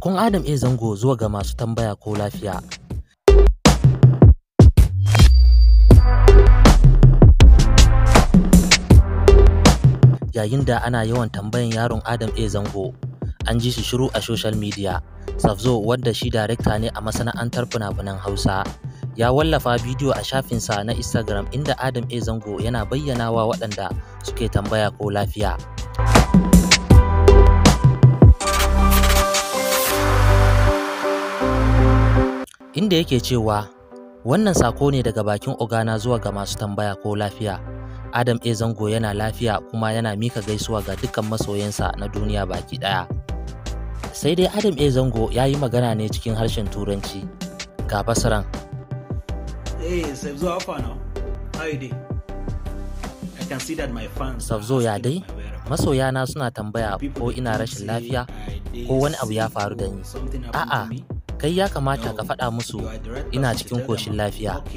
sakon Adam A Zango zuwa ga masu tambaya ko lafiya. Yayin da ana yawan tambayan yaron Adam A Zango, an ji shi shiru a social media. Safzo wadda shi darekta ne a masana'antar fina-finan Hausa. Ya wallafa bidiyo a shafinsa na Instagram inda Adam A Zango yana bayyanawa waɗanda suke tambaya ko lafiya. inda yake cewa wannan sako ne daga bakin ogana zuwa ga masu tambaya ko lafiya adam a zango yana lafiya kuma yana mika gaisuwa ga dukkan masoyansa na duniya baki daya sai dai adam a zango ya yi magana ne cikin harshen turanci ga fasaran Sabzo ya dai masoyana suna tambaya ko ina rashin lafiya ko wani abu ya faru da ni a'a kai ya kamata ka faɗa musu ina cikin koshin lafiya uh,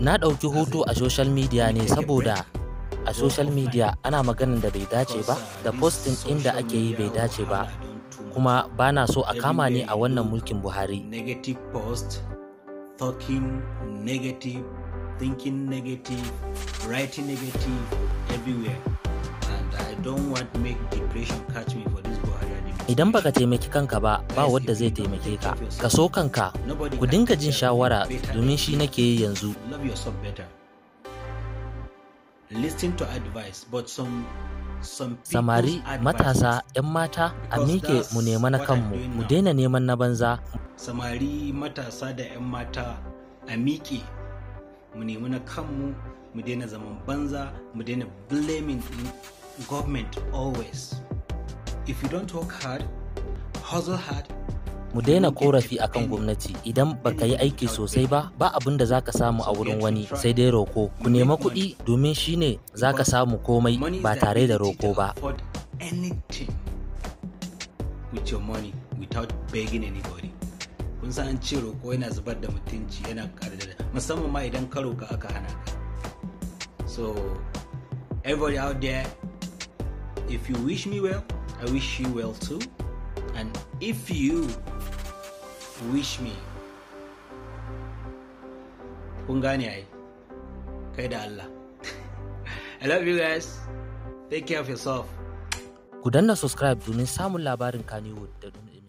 na ɗauki hoto a social media ne saboda a social media ana maganin da bai dace ba uh, da postin inda ake yi bai dace ba kuma ba na so a kama ni a wannan mulkin buhari talking thinking negative, writing negative everywhere. Idan baka taimaki kanka ba, ba wadda zai taimake ka. Ka so kanka, ku dinga jin shawara domin shi nake yi yanzu. Samari, matasa, 'yan mata, a miƙe mu nema na kanmu, mu daina neman na banza. Samari, matasa da 'yan mata, a miƙe mu nema na kanmu, mu daina zaman banza, mu daina blaming government always. If you don't work hard, hustle hard, mu daina korafi akan gwamnati idan baka yi aiki sosai ba ba abin da zaka samu a wurin wani sai dai roko ku nema kuɗi domin shine zaka samu komai ba tare da roko ba kun san an ce roko yana zubar da mutunci yana da musamman ma idan ka roka aka hana ka so everybody out there if you wish me well, I wish you well too. And if you wish me, kun gane ai, kai Allah. I love you guys. Take care of yourself. Ku danna subscribe to samun labarin Kannywood da